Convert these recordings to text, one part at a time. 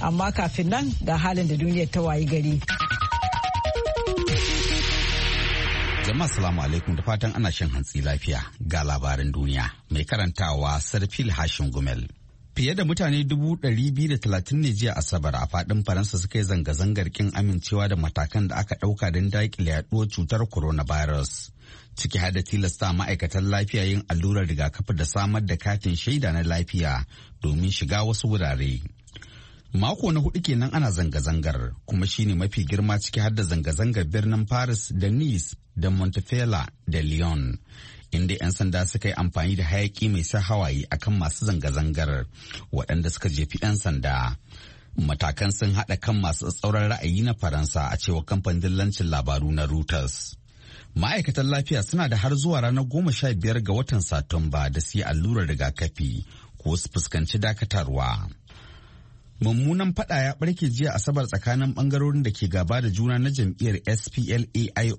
amma kafin nan ga halin da duniyar ta wayi gari. Jama'a salamu alaikum da fatan ana shan hantsi lafiya ga labarin duniya mai karantawa Sarfil Hashin Gumel. Fiye da mutane dubu ɗari biyu da talatin ne jiya Asabar a fadin Faransa suka yi zanga-zangar kin amincewa da matakan da aka ɗauka don daƙile yaɗuwar cutar corona coronavirus. Ciki har da tilasta ma'aikatan lafiya yin allurar rigakafi da samar da katin shaida na lafiya domin shiga wasu wurare. Mako na hudu kenan ana zanga-zangar kuma shine mafi girma ciki har da zanga-zangar birnin Paris da Nice da Montefiore da Lyon. Inda 'yan sanda suka yi amfani da hayaki mai sa hawaye akan masu zanga-zangar waɗanda suka jefi 'yan sanda. Matakan sun haɗa kan masu tsauran ra'ayi na Faransa a cewa kamfanin lancin labaru na Reuters. Ma'aikatan lafiya suna da har zuwa ranar goma sha biyar ga watan Satumba da su yi allurar rigakafi ko su fuskanci dakatarwa. mummunan faɗa ya barke jiya asabar tsakanin bangarorin da ke gaba da juna na jam'iyyar splaio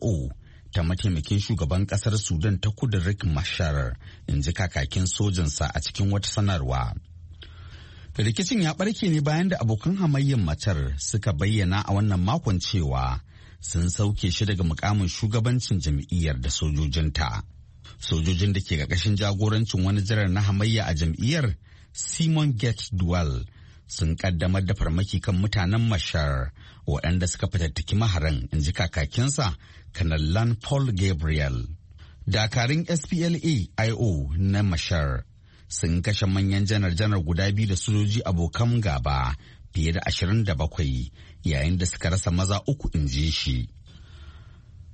ta mataimakin shugaban kasar sudan ta kudu rick mashar in ji kakakin sojansa a cikin wata sanarwa rikicin ya barke ne bayan da abokan hamayyar matar suka bayyana a wannan makon cewa sun sauke shi daga mukamin shugabancin jam'iyyar da sojojinta sojojin da ke ƙarƙashin jagorancin wani jirar na hamayya a jam'iyyar simon gate duwal sun kaddamar da farmaki kan mutanen mashar waɗanda suka fitattaki maharan in ji kakakinsa kanallan paul gabriel dakarun spla io na mashar sun kashe manyan janar-janar guda biyu da sojoji abokan gaba fiye da 27 yayin da suka rasa maza uku in ji shi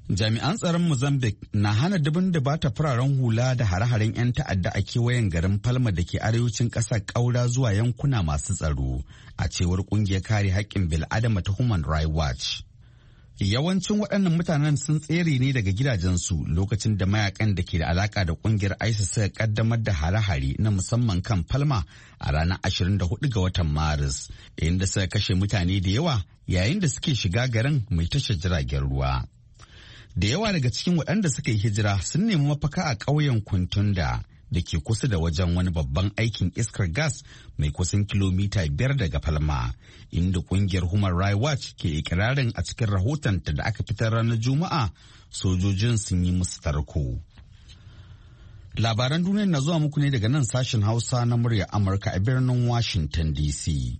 Jami'an tsaron Mozambique na hana dubin bata fararen hula da hare-haren 'yan ta'adda a kewayen garin Falma da ke arewacin ƙasar ƙaura zuwa yankuna masu tsaro, a cewar ƙungiyar kare haƙƙin bil'adama ta Human Rights Watch. Yawancin waɗannan mutanen sun tsere ne daga gidajensu lokacin da mayakan da ke da alaƙa da ƙungiyar ISIS suka ƙaddamar da hare-hare na musamman kan Falma a ranar 24 ga watan Maris, inda suka kashe mutane da yawa yayin da suke shiga garin mai tashar jiragen ruwa. da yawa daga cikin waɗanda suka yi hijira sun nemi mafaka a ƙauyen kuntunda da ke kusa da wajen wani babban aikin iskar gas mai kusan kilomita biyar daga falma inda ƙungiyar human rights watch ke ikirarin a cikin rahotonta da aka fitar ranar juma'a sojojin sun yi musu tarko labaran duniya na zuwa muku ne daga nan sashen hausa na murya amurka a birnin washington dc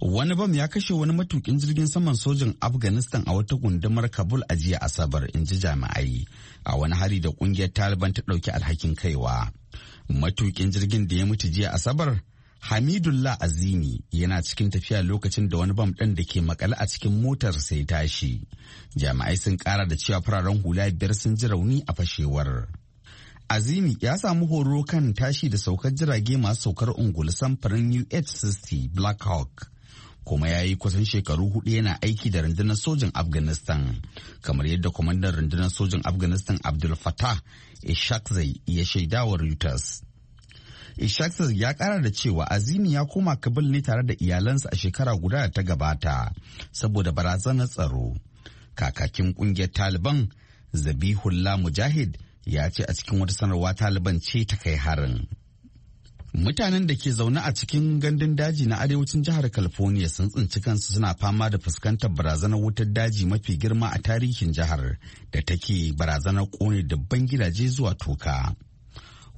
Wani bam ya kashe wani matukin jirgin saman sojin Afghanistan a wata gundumar Kabul a jiya Asabar, in ji jami'ai, a wani hari da kungiyar Taliban ta ɗauki alhakin kaiwa. Matukin jirgin da ya mutu jiya Asabar, Hamidullah Azimi yana cikin tafiya lokacin da wani bam ɗin da ke makale a cikin motar sai tashi. Jami'ai sun ƙara da cewa fararen hula biyar sun ji rauni a fashewar. Azimi ya samu horo kan tashi da saukar jirage masu saukar ungulu samfurin UH-60 Black Hawk. kuma ya yi kusan shekaru hudu yana aiki da rundunar sojin afghanistan kamar yadda kwamandan rundunar sojin afghanistan abdul fatah ishakzai ya shaidawa reuters ishakzai ya kara da cewa azimi ya koma kabil ne tare da iyalansa a shekara guda da ta gabata saboda barazanar tsaro kakakin kungiyar taliban zabihullah mujahid ya ce a cikin wata sanarwa taliban ce ta kai harin Mutanen da ke zaune a cikin gandun daji na arewacin jihar California sun tsinci kansu suna fama da fuskantar barazanar wutar daji mafi girma a tarihin jihar da take barazanar kone dabban gidaje zuwa toka.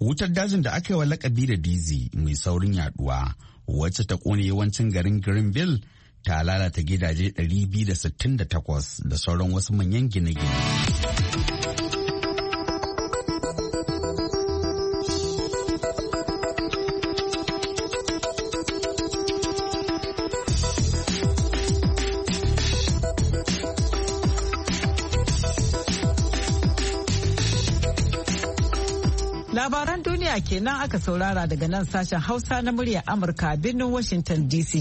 Wutar dajin da aka yi wa lakabi da dizi mai saurin yaduwa wacce ta kone yawancin garin Greenville ta lalata gidaje 268 da sauran wasu manyan gine-gine. kenan aka saurara daga nan sashen Hausa na muryar Amurka birnin Washington DC.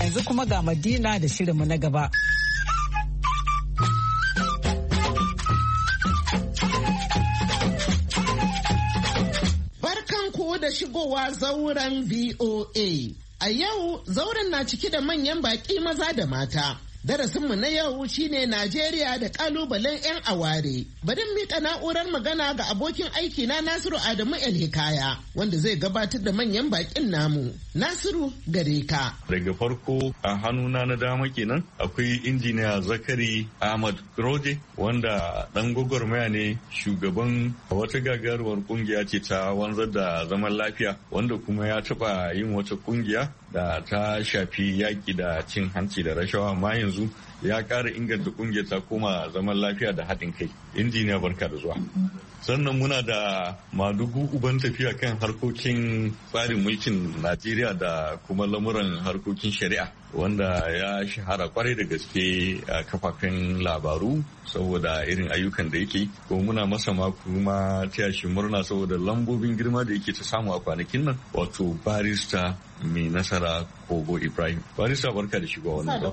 Yanzu kuma ga Madina da shirinmu na gaba. Barkanku da shigowa zauren VOA. A yau zauren na cike da manyan baƙi maza da mata Darasinmu na yau shine Najeriya da kalubalen 'yan aware. Bari mika na'urar magana ga abokin aiki na Nasiru Adamu Elhikaya wanda zai gabatar da manyan bakin namu. Nasiru gare ka. Daga farko a hannuna na dama kenan akwai injiniya Zakari Ahmad Roje wanda dan gwagwarmaya ne shugaban wata gagaruwar kungiya ce ta wanzar da zaman lafiya wanda kuma ya taɓa yin wata kungiya da ta shafi yaƙi da cin hanci da rashawa amma yanzu ya ƙara inganta ƙungiyar ta koma zaman lafiya da haɗin kai injiniya barka da zuwa sannan muna da madugu uban tafiya kan harkokin tsarin mulkin najeriya da kuma lamuran harkokin shari'a wanda ya shahara kwarai da gaske a kafafen labaru saboda irin ayyukan da yake ko muna masa ma kuma murna saboda lambobin girma da yake ta samu a kwanakin nan wato barista mai nasara kogo ibrahim barista barka da shigowa wani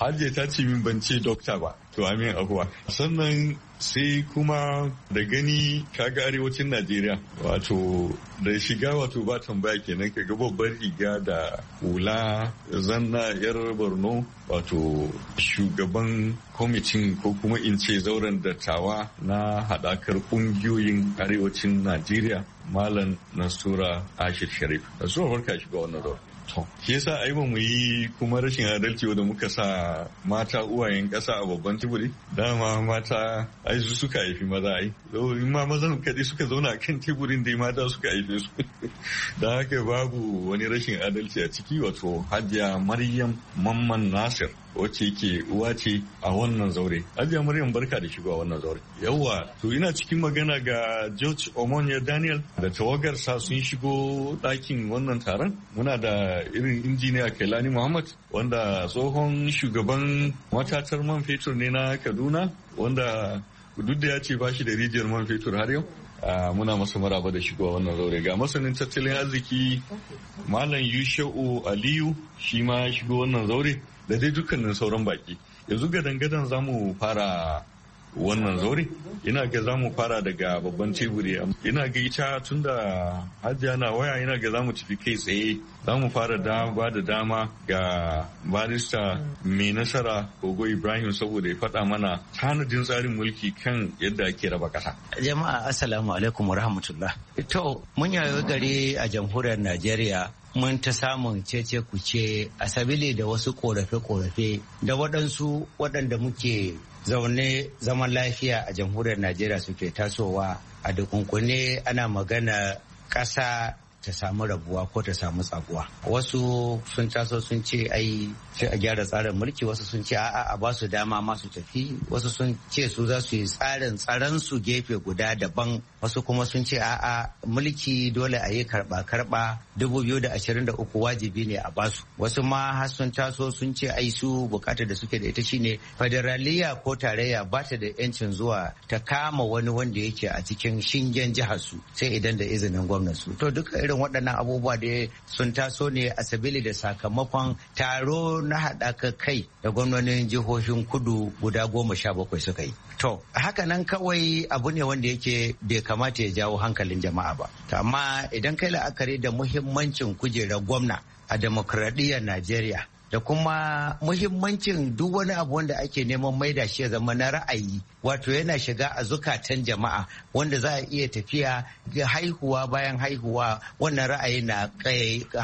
hajiya ta ce min ban ce dokta ba to amin abuwa sannan sai kuma da gani ka ga arewacin najeriya wato da shiga wato ba tambaya kenan ka ga babbar riga da hula zanna yar borno wato shugaban kwamitin ko kuma in ce zauren dattawa na haɗakar ƙungiyoyin arewacin najeriya malam nasura ashir sharif da zuwa farka shiga wannan zauren shi yasa ai ba mu yi kuma rashin adalci wadda muka sa mata uwayen kasa a babban teburi dama mata ai su suka haifi maza ai in ma mazan kaɗai suka zauna a kan teburin dai mata suka haife su da haka babu wani rashin adalci a ciki wato hajiya maryam mamman nasir wacce yake uwa ce a wannan zaure ajiya maryam barka da shigo a wannan zaure Yawwa, to ina cikin magana ga george omonia daniel da tawagarsa sun shigo ɗakin wannan taron muna da irin injiniya kailani muhammad wanda tsohon shugaban matatar man fetur ne na kaduna wanda duk da ya ce ba shi da rijiyar man fetur har yau muna masa maraba da shigowa wannan zaure ga masanin tattalin arziki malam yusha'u aliyu shi ma shigo wannan zaure da dai dukkanin sauran baki yanzu ga gadan za mu fara wannan zaure ina ga za mu fara daga babban teburi ina ga ita tun da hajiya na waya ina ga za mu tafi kai tsaye za mu fara da ba da dama ga barista mai nasara kogo ibrahim saboda ya faɗa mana tanadin tsarin mulki kan yadda ake raba ƙasa. jama'a assalamu alaikum wa rahmatullah to mun yayo gari a jamhuriyar najeriya mun ta samun cece kuce a sabili da wasu korafe-korafe da waɗansu waɗanda muke zaune zaman lafiya a jamhuriyar najeriya suke tasowa a dukunkune ana magana ƙasa ta samu rabuwa ko ta samu tsaguwa wasu sun taso sun ce ai sai a gyara tsarin mulki wasu sun ce a'a a ba su dama masu tafi wasu sun ce su za su yi tsarin tsaron su gefe guda daban wasu kuma sun ce a'a mulki dole a yi karba karba dubu biyu da da ashirin uku wajibi ne a basu wasu ma har sun taso sun ce ai su bukatar da suke da ita shine federaliya ko tarayya ba ta da yancin zuwa ta kama wani wanda yake a cikin shingen jihar su sai idan da izinin gwamnati to duka irin irin waɗannan abubuwa da sun taso ne a sabili da sakamakon taro na haɗaka kai da gwamnonin jihohin kudu guda goma sha bakwai suka yi. To, haka nan kawai abu ne wanda yake bai kamata ya jawo hankalin jama'a ba. Amma idan kai la'akari da muhimmancin kujerar gwamna a demokradiyyar Najeriya da kuma muhimmancin duk wani abu wanda ake neman maida shi ya zama na ra'ayi wato yana shiga a zukatan jama'a wanda za a iya tafiya haihuwa bayan haihuwa wannan ra'ayi na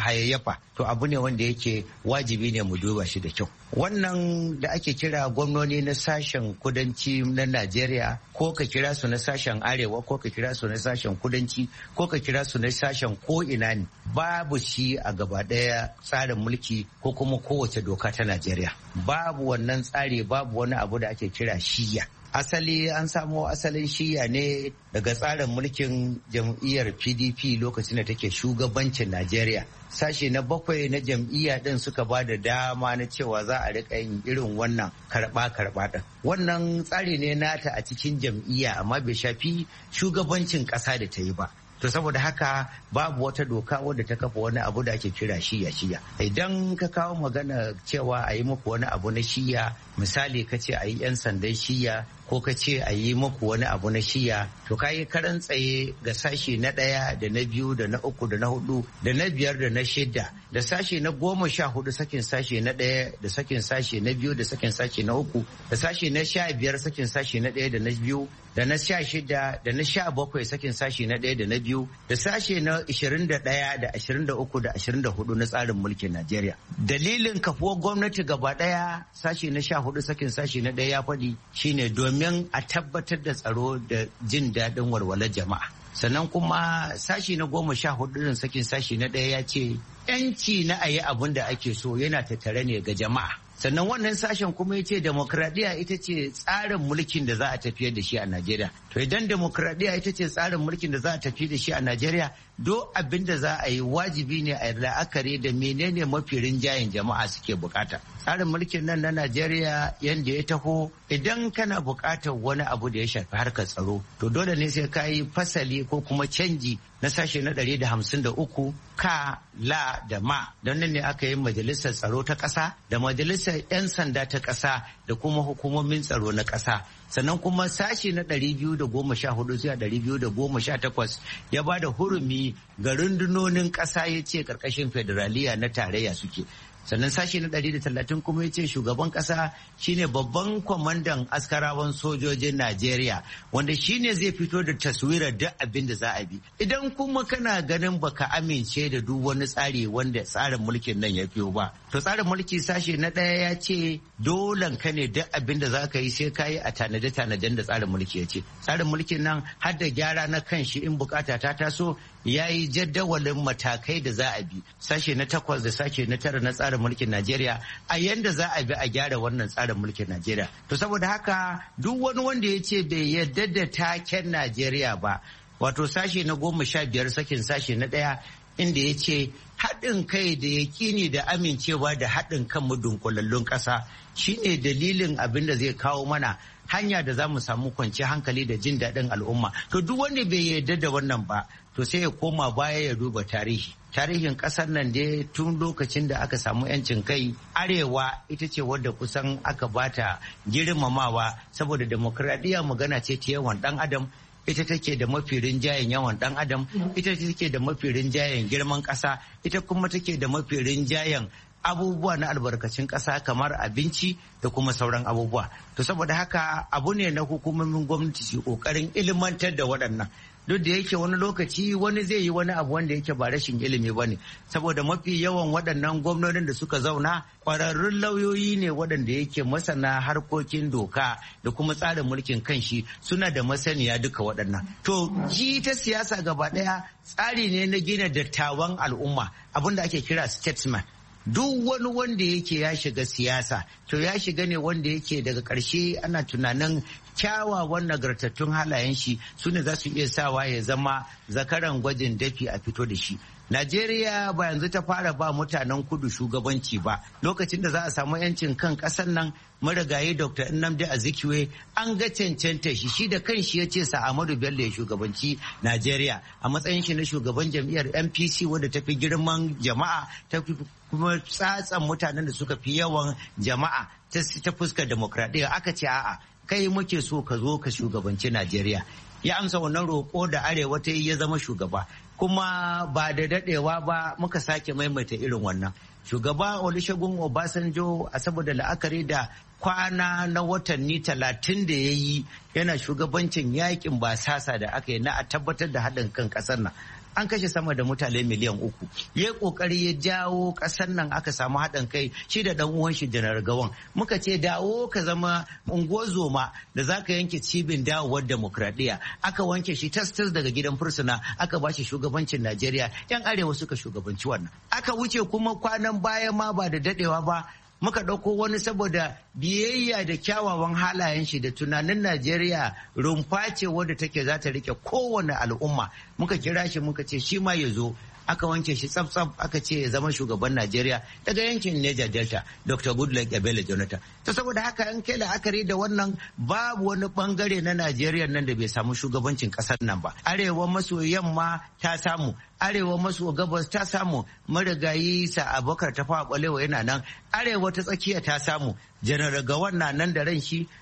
hayayyafa to abu ne wanda yake wajibi ne mu duba shi da kyau wannan da ake kira gwamnoni na sashen kudanci na najeriya ko ka kira su na sashen arewa ko ka kira su na sashen kudanci ko ka kira su na sashen ko'ina ne babu shi a gaba ɗaya tsarin mulki ko kuma kowace doka ta najeriya babu wannan tsari babu wani abu da ake kira shiya asali an samo asalin shiya ne daga tsarin mulkin jam'iyyar pdp lokacin da take shugabancin najeriya sashe na bakwai na jam'iyya din suka ba da dama na cewa za a rika yin irin wannan karɓa karɓa din wannan tsari ne nata a cikin jam'iyya amma bai shafi shugabancin ƙasa da ta yi ba to saboda haka babu wata doka wadda ta kafa wani abu da ake kira shiya shiya idan ka kawo magana cewa a yi muku wani abu na shiya misali ka ce a yi 'yan sandan shiya ko ka ce a yi muku wani abu na shiya to ka yi karan tsaye ga sashi na ɗaya da na biyu da na uku da na hudu da na biyar da na shida da sashi na goma sha hudu sakin sashi na ɗaya da sakin sashi na biyu da sakin sashi na uku da sashi na sha biyar sakin sashi na ɗaya da na biyu da na sha shida da na sha bakwai sakin sashi na ɗaya da na biyu da sashe na ishirin da ɗaya da ashirin da uku da ashirin da hudu na tsarin mulkin Najeriya. Dalilin kafuwar gwamnati gaba ɗaya sashe na sha hudu sakin sashi na ɗaya ya faɗi shine domin domin a tabbatar da tsaro da jin daɗin walwalar jama'a sannan kuma sashi na goma sha hudu sakin sashi na ɗaya ya ce 'yanci na a yi abin da ake so yana tattare ne ga jama'a sannan wannan sashen kuma ya ce demokradiyya ita ce tsarin mulkin da za a tafiyar da shi a najeriya to idan demokradiyya ita ce tsarin mulkin da za a tafi da shi a najeriya do abin da za a yi wajibi ne a la'akari da menene mafi rinjayen jama'a suke bukata tsarin mulkin nan na najeriya yadda ya taho idan kana bukatar wani abu da ya shafi harkar tsaro to dole ne sai ka yi fasali ko kuma canji na sashe na 153 ka la da ma don nan ne aka yi majalisar tsaro ta ƙasa da majalisar 'yan sanda ta ƙasa da kuma hukumomin tsaro na ƙasa sannan kuma sashe na 214 zuwa 218 ya ba da hurumi ga rundunonin ƙasa ya ce ƙarƙashin federaliya na tarayya suke sannan sashi na ɗari da talatin kuma ya ce shugaban kasa shine babban kwamandan askarawan sojojin najeriya wanda shine zai fito da taswirar duk abin da za a bi idan kuma kana ganin baka amince da duk wani tsari wanda tsarin mulkin nan ya fiyo ba to tsarin mulki sashe na ɗaya ya ce dolan ka ne duk abin da za ka yi sai ka yi a tanade tanaden da tsarin mulki ya ce tsarin mulkin nan har da gyara na kan shi in bukata ta taso ya yi jadawalin matakai da za a bi sashe na takwas da sashe na tara na tsarin mulkin najeriya a yadda za a bi a gyara wannan tsarin mulkin najeriya to saboda haka duk wani wanda ya ce bai yarda da taken najeriya ba wato sashe na goma sha biyar sakin sashe na ɗaya inda ya ce haɗin kai da yakini da amincewa da haɗin kan dunkulallun ƙasa shine dalilin abin da zai kawo mana hanya da za mu samu kwanci hankali da jin daɗin al'umma to duk wanda bai yarda da wannan ba to sai ya koma baya ya duba tarihi tarihin ƙasar nan dai tun lokacin da aka samu yancin kai arewa ita ce wadda kusan aka bata girmamawa saboda demokradiyya magana ce ta yawan dan adam ita take da mafi rinjayen yawan dan adam ita take da mafi rinjayen girman ƙasa ita kuma take da mafi rinjayen abubuwa na albarkacin ƙasa kamar abinci da kuma sauran abubuwa. To saboda haka abu ne na hukumomin gwamnati ƙoƙarin ilmantar da waɗannan. duk da yake wani lokaci wani zai yi wani abu wanda yake ba rashin ilimi ba ne saboda mafi yawan waɗannan gwamnonin da suka zauna ƙwararrun lauyoyi ne waɗanda yake masana harkokin doka da kuma tsarin mulkin kanshi suna da masaniya duka waɗannan to ji ta siyasa gaba ɗaya tsari ne na gina dattawan al'umma abin da ake kira statesman duk wani wanda yake ya shiga siyasa to ya shiga ne wanda yake daga ƙarshe ana tunanin kyawawan nagartattun halayen shi su ne za su iya sawa ya zama zakaran gwajin dafi a fito da shi Najeriya ba yanzu ta fara ba mutanen kudu shugabanci ba lokacin da za a samu 'yancin kan ƙasar nan marigayi Dr. Nnamdi Azikiwe an ga cancanta shi shi da kanshi ya ce sa Ahmadu Bello ya shugabanci Najeriya a matsayin shi na shugaban jam'iyyar MPC wanda ta fi girman jama'a ta fi kuma tsatsan mutanen da suka fi yawan jama'a ta fuskar demokradiyya aka ce a'a kai muke so ka zo ka shugabanci najeriya ya amsa wannan roƙo da arewa ta yi ya zama shugaba kuma ba da daɗewa ba muka sake maimaita irin wannan shugaba olusegun obasanjo a saboda la'akari da kwana na watanni talatin da ya yi yana shugabancin yakin basasa da aka yi na a tabbatar da haɗin kan ƙasar nan an kashe sama da mutane miliyan uku ya yi kokari ya jawo kasar nan aka samu haɗin kai shi da dan uwan shi janar gawan muka ce dawo ka zama unguwar da zaka yanke cibin dawowar demokradiyya aka wanke shi tastas daga gidan fursuna aka ba shi shugabancin najeriya yan arewa suka shugabanci wannan aka wuce kuma kwanan baya ma ba da dadewa ba muka ɗauko wani saboda biyayya da kyawawan halayen shi da tunanin najeriya rumfa ce wadda take za ta rike kowane al'umma muka kira shi muka ce shi ma ya zo aka wanke shi tsaf-tsaf aka ce ya zama shugaban Najeriya daga yankin Niger Delta Dr. Goodluck Ebele Jonathan. Ta saboda haka an kai la'akari da wannan babu wani bangare na Najeriya nan da bai samu shugabancin kasar nan ba. Arewa maso yamma ta samu, arewa maso gabas ta samu marigayi sa abokar ta fawa yana nan arewa ta tsakiya ta samu janar gawan na nan da ran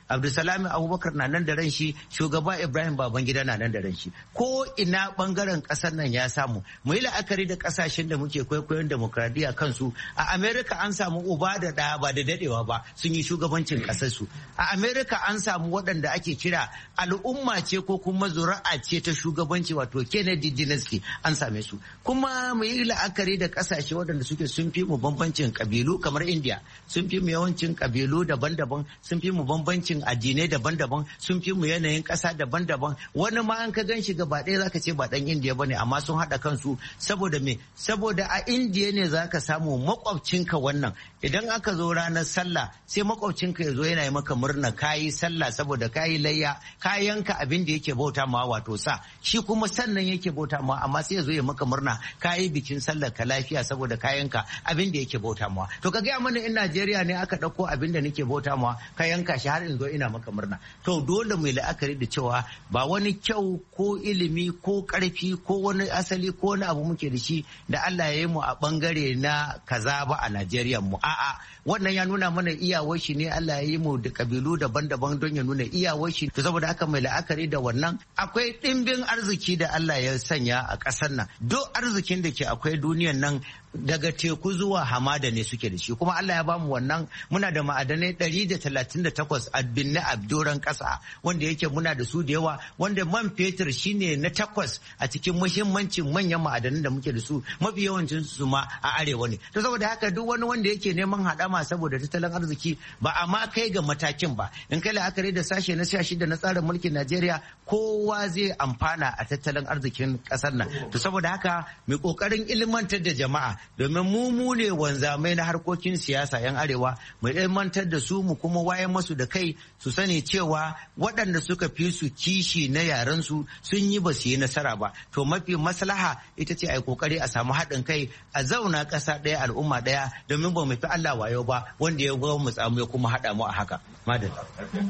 abdulsalami abubakar na nan da ran shugaba ibrahim babangida na nan da ran ko ina bangaren kasar nan ya samu mu yi la'akari da kasashen da muke kwaikwayon demokradiyya kansu a america an samu uba da ɗaya ba da dadewa ba sun yi shugabancin kasar su a america an samu waɗanda ake kira al'umma ce ko kuma zuri'a ce ta shugabanci wato kennedy dynasty an same su kuma mu yi la'akari da kasashe waɗanda suke sun fi mu bambancin kabilu kamar in india sun fi mu yawancin kabilu daban-daban sun fi mu bambancin addinai daban-daban sun fi mu yanayin ƙasa daban-daban wani ma an ka gan shi gaba ɗaya zaka ce ba ɗan india bane amma sun haɗa kansu saboda me saboda a india ne zaka samu makwabcinka wannan idan aka zo ranar sallah sai makwabcinka ya zo yana yi maka murna kayi sallah saboda kayi layya kayanka abin da yake bauta ma wato sa shi kuma sannan yake bauta ma amma sai ya zo ya maka murna kayi bikin sallah ka lafiya saboda kayanka abin da yake bauta ma to ka gaya mana in Najeriya ne aka ɗauko abin da nake bauta ma ka yanka shi har in zo ina maka murna to dole mu la'akari da cewa ba wani kyau ko ilimi ko ƙarfi ko wani asali ko wani abu muke da shi da Allah ya yi mu a ɓangare na kaza ba a Najeriya mu a'a wannan ya nuna mana iyawar shi ne Allah ya yi mu da kabilu daban-daban don ya nuna iyawar shi to saboda haka mai la'akari da wannan akwai dimbin arziki da Allah ya sanya a kasar nan duk arzikin da ke akwai duniyan nan daga teku zuwa hamada ne suke da shi kuma Allah ya bamu wannan muna da ma'adanai 138 a binne a doron ƙasa wanda yake muna da su da yawa wanda man fetur shine na takwas a cikin muhimmancin manyan ma'adanan da muke da su mafi yawancin su ma a arewa ne to saboda haka duk wani wanda yake neman haɗa kama saboda tattalin arziki ba a ma kai ga matakin ba in kai la'akari da sashe na sha shida na tsarin mulkin najeriya kowa zai amfana a tattalin arzikin kasar nan to saboda haka mai kokarin ilmantar da jama'a domin mu mu ne wanzamai na harkokin siyasa yan arewa mu ilmantar da su mu kuma wayan masu da kai su sani cewa waɗanda suka fi su kishi na yaren su sun yi ba su yi nasara ba to mafi maslaha ita ce a yi kokari a samu haɗin kai a zauna ƙasa ɗaya al'umma ɗaya domin ba mu fi Allah wayo yau ba wanda ya gwamnati mu ya kuma haɗa mu a haka madalla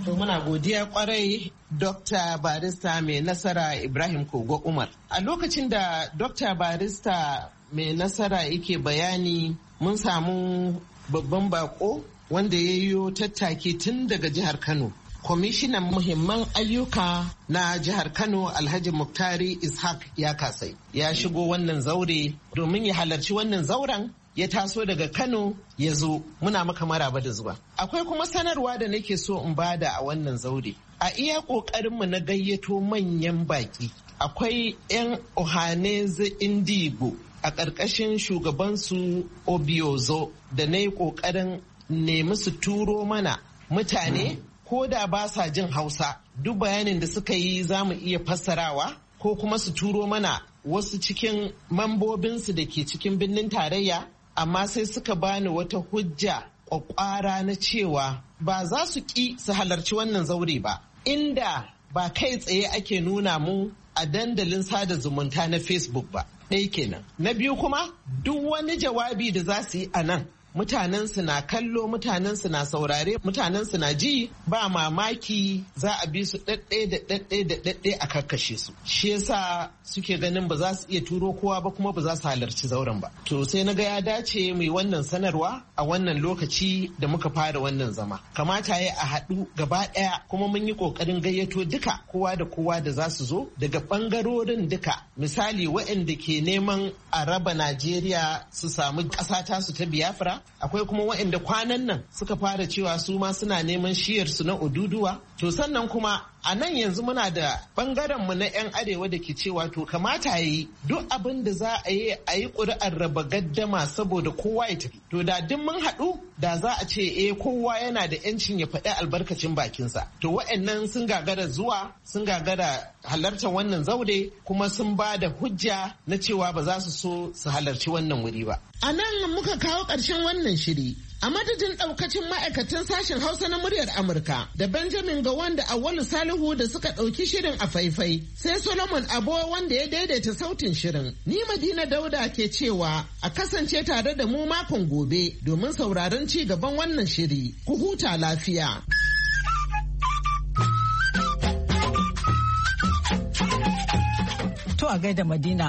to muna godiya kwarai Dr. Barista mai nasara Ibrahim Kogo Umar a lokacin da Dr. Barista mai nasara yake bayani mun samu babban bako wanda ya yi tattaki tun daga jihar Kano kwamishinan muhimman ayyuka na jihar kano alhaji muktari ishaq ya kasai ya shigo wannan zaure domin ya halarci wannan zauren ya taso daga Kano ya zo muna maka maraba da zuwa. Akwai kuma sanarwa da nake so in bada a wannan zaure. A iya ƙoƙarinmu na gayyato manyan baƙi. Akwai 'yan Ohane Indigo a ƙarƙashin shugabansu Obiozo da na yi ƙoƙarin nemi su turo mana mutane ko da ba sa jin Hausa duk bayanin da suka yi za mu iya fassarawa ko kuma su turo mana wasu cikin mambobinsu da ke cikin birnin tarayya amma sai suka bani wata hujja kwakwara na cewa ba za su ƙi su halarci wannan zaure ba inda ba kai tsaye ake nuna mu a dandalin sada zumunta na facebook ba ɗaya kenan na biyu kuma duk wani jawabi da za su yi a nan mutanensu na kallo mutanensu na saurare mutanensu na ji ba mamaki za a bi su ɗaɗɗe da ɗaɗɗe da ɗaɗɗe a karkashe su shi yasa suke ganin ba za su iya turo kowa ba kuma ba za su halarci zauren ba to sai na ga ya dace mai wannan sanarwa a wannan lokaci da muka fara wannan zama kamata ya a haɗu gaba ɗaya kuma mun yi ƙoƙarin gayyato duka kowa da kowa da za su zo daga ɓangarorin duka misali waɗanda ke neman a raba najeriya su samu ƙasa su ta biyafra akwai kuma waɗanda kwanan nan suka fara cewa su ma suna neman shiyar su na ududuwa to sannan kuma a nan yanzu muna da bangaren mu na 'yan arewa da ke cewa to kamata yi duk abin da za a yi a yi ƙuri'ar raba gaddama saboda kowa ya tafi to da duk mun haɗu da za a ce eh kowa yana da 'yancin ya faɗi albarkacin bakinsa to wa'annan sun gagara zuwa sun gagara halartar wannan zaure kuma sun ba da hujja na cewa ba za su so su halarci wannan wuri ba a nan muka kawo ƙarshen wannan shiri a madadin daukacin ma'aikatan sashen hausa na muryar amurka da benjamin ga wanda awwalu salihu da suka dauki shirin a faifai sai solomon abo wanda ya daidaita sautin shirin ni madina dauda ke cewa a kasance tare da mu makon gobe domin sauraron ci gaban wannan shiri ku huta lafiya to a gaida madina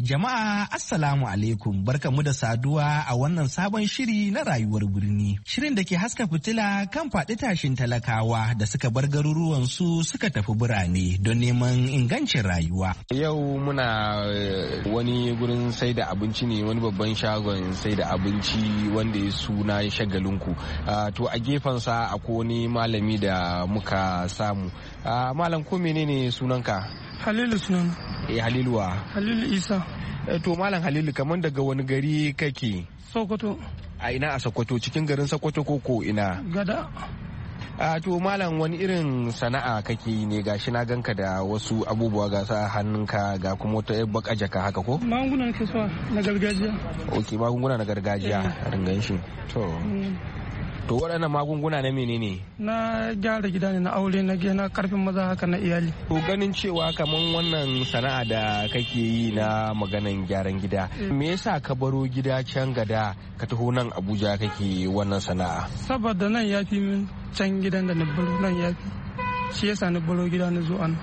Jama'a Assalamu alaikum mu da saduwa a wannan sabon shiri na rayuwar birni. Shirin da ke haska fitila kan faɗi tashin talakawa da suka bar garuruwan su suka tafi birane don neman ingancin rayuwa. Yau muna eh, wani gurin sai da abinci ne wani babban shagon sai da abinci wanda ya suna shagalinku. Ah, to a gefensa akwai wani malami da muka samu. Ah, malam ko menene sunanka? Halilu sunana. Eh Halilu wa? Halilu Isa. Eh to Malam Halilu kaman daga wani gari kake? Sokoto. A ina a Sokoto cikin garin Sokoto ko ko ina? Gada. A to Malam wani irin sana'a kake yi ne gashi na ganka da wasu abubuwa ga sa hannunka ga kuma wata yar baka jaka haka ko? Magunguna ke so na gargajiya. Okay, magunguna na gargajiya a ringan shi. To. Mm. to waɗannan magunguna na menene na gyara gida ne na aure na na karfin maza haka na iyali ko ganin cewa kaman wannan sana'a da kake yi na maganan gyaran gida eh. me yasa ka baro gida can gada ka taho nan abuja kake wannan sana'a saboda nan ya fi min can gidan da na baro nan ya fi shi yasa na baro gida na zo an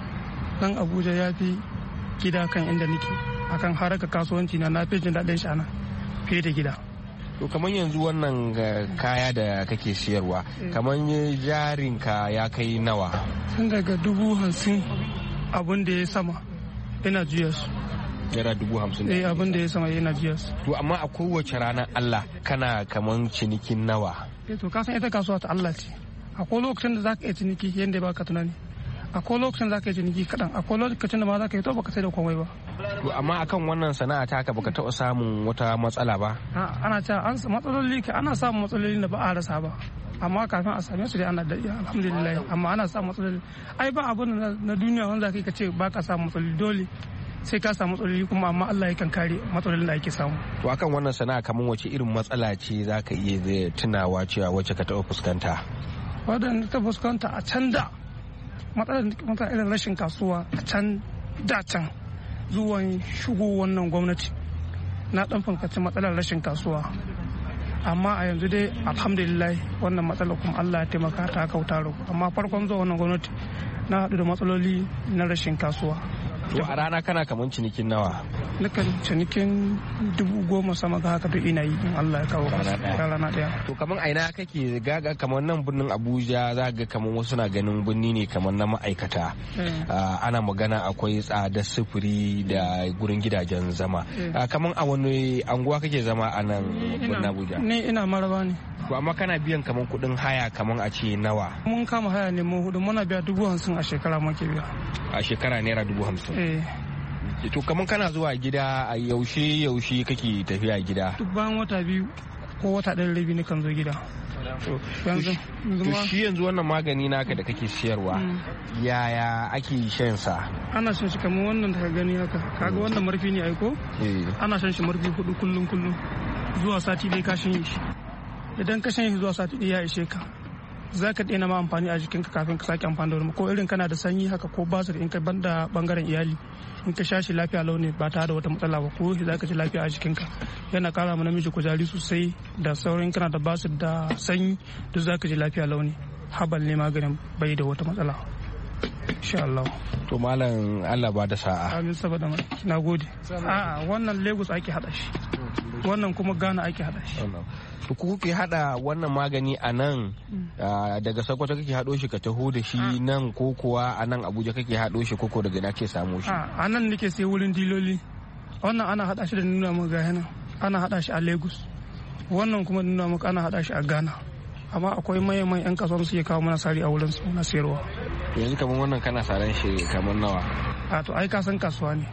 nan abuja ya fi gida kan inda nake akan haraka kasuwanci na na fi jin daɗin shana fiye da gida to kamar yanzu wannan kaya da kake siyarwa mm. kamar jarinka ya kai nawa tun daga dubu hamsin abin da ya sama ina juya su Yara dubu hamsin eh abin da ya sama ina juya su to amma a kowace ranar allah kana kamar cinikin nawa eh, to kasan ita kasuwa ta allah ce akwai lokacin da za ka iya ciniki yadda ba ka tunani akwai lokacin za ka yi ciniki kaɗan akwai lokacin da ma za ka yi to baka sai da komai ba. to amma akan wannan sana'a ta ka baka taɓa samun wata matsala ba. ana cewa an matsaloli ka ana samun matsaloli da ba a rasa ba amma kafin a same su dai ana daɗi alhamdulillah amma ana samun matsaloli ai ba abin na duniya wanda za ka ce ba ka samun matsaloli dole sai ka samu matsaloli kuma amma Allah yakan kare matsalolin da ake samu. To akan wannan sana'a kamar wace irin matsala ce za ka iya tunawa cewa wacce ka taɓa fuskanta? Wadanda ta fuskanta a can da matsalar irin rashin kasuwa a can da can zuwan shigo wannan gwamnati na dan fankaci matsalar rashin kasuwa amma a yanzu dai alhamdulillah wannan matsalar kuma Allah ya taimaka ta kauta amma farkon zuwa wannan gwamnati na haɗu da matsaloli na rashin kasuwa to a rana kana kamar cinikin nawa nakan cinikin dubu goma sama ga haka ina yi in Allah ya kawo rana daya to kamar aina kake gaga kamar nan birnin Abuja za ga kamar wasu na ganin birni ne kamar na ma'aikata hmm. ah, ana magana akwai tsada sufuri da gurin gidajen zama hmm. ah, kamar a wani anguwa kake zama a nan birnin Abuja Ni ina maraba ne to amma kana biyan kamar kuɗin haya kamar a ce nawa mun kama haya ne mu hudu muna biya dubu hamsin a shekara muke biya a shekara naira dubu hamsin Eh. Eh, to kamar kana zuwa gida a yaushe yaushe kake tafiya gida duk bayan wata biyu ko wata ɗan rabi ne kan zo gida to shi yanzu wannan magani naka da kake siyarwa hmm. yaya ake shan sa ana shan shi kamar wannan da ka gani haka kaga wannan marfi ne aiko eh. ana shan shi marfi hudu kullum kullum zuwa sati dai ka shan shi idan ka shan shi zuwa sati dai ya ishe ka za ka daina ma amfani a jikinka kafin ka sake amfani da wani ko irin kana da sanyi haka ko basu in ka banda bangaren iyali in ka sha shi lafiya launi ba tare da wata matsala ba ko za ka ci lafiya a jikinka yana kara ma namiji kujari sosai da saurin kana da basu da sanyi duk za ka ji lafiya launi habal ne maganin bai da wata matsala insha Allah to malam Allah ba da sa'a amin saboda na gode a'a wannan Lagos ake hada shi wannan kuma gana ake hada shi to ku kuke hada wannan magani a nan mm. daga Sakwato kake hado shi ka taho da shi nan ko kuwa a nan abuja kake hado shi koko daga na ke samu shi a nan nake sai wurin diloli wannan ana hada shi da nuna mu ga yana ana hada shi a lagos wannan kuma nuna mu ana hada shi a ghana amma akwai mayan yan kasuwa suke kawo mana sari a wurin na sayarwa yanzu kamar wannan kana saran shi kamar nawa a to ai kasan kasuwa ne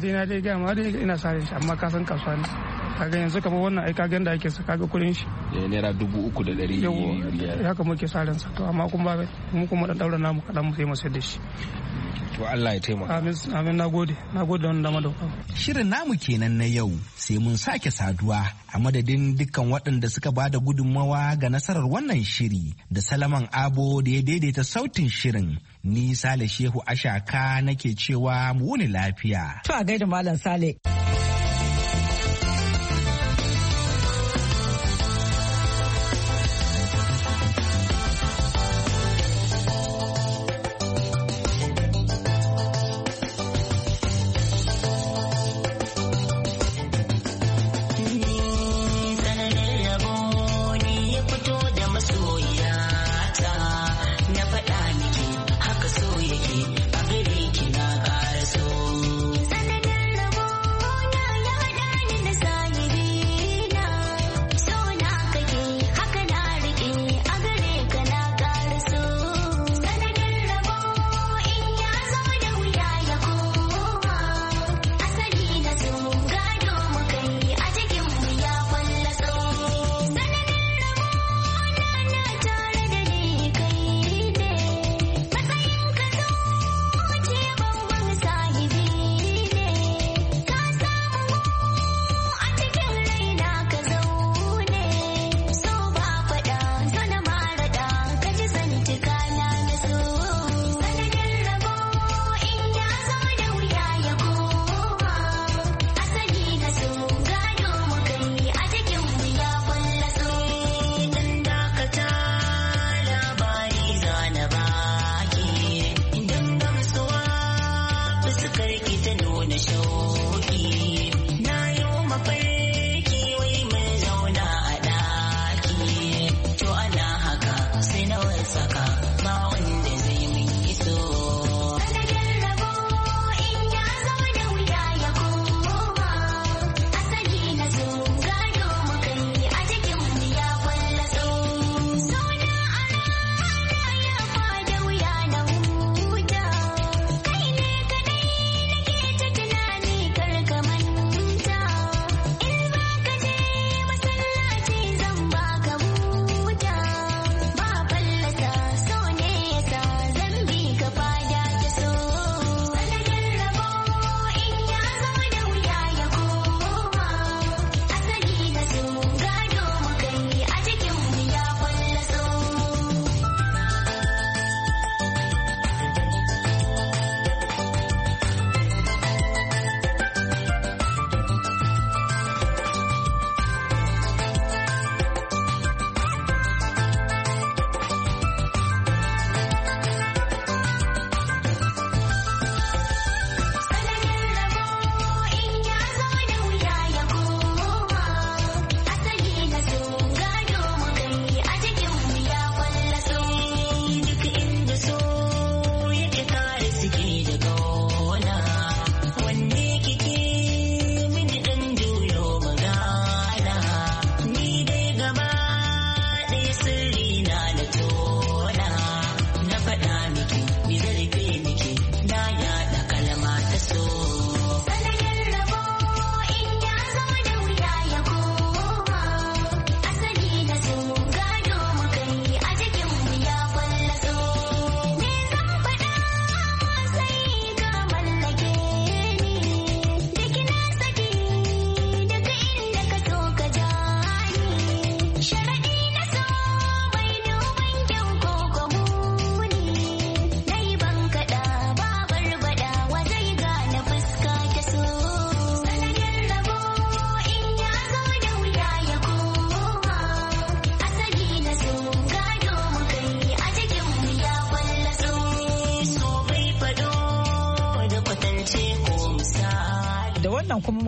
ita ina dai gama dai ina saran shi amma kasan kasuwa ne kaga yanzu kamar wannan ai kaga yanda ake sa kaga kudin shi eh, naira dubu uku da ɗari biyar haka muke sarin sa to amma kuma ba mu kuma dan daura namu kadan mu sai mu sayar da shi to Allah ya taimaka amin amin nagode nagode wannan dama da shirin namu kenan na yau sai mun sake saduwa a madadin dukkan waɗanda suka ba da gudunmawa ga nasarar wannan shiri da Salaman Abo da ya daidaita sautin shirin ni Sale Shehu Ashaka nake cewa mu wuni lafiya to a gaida malam Sale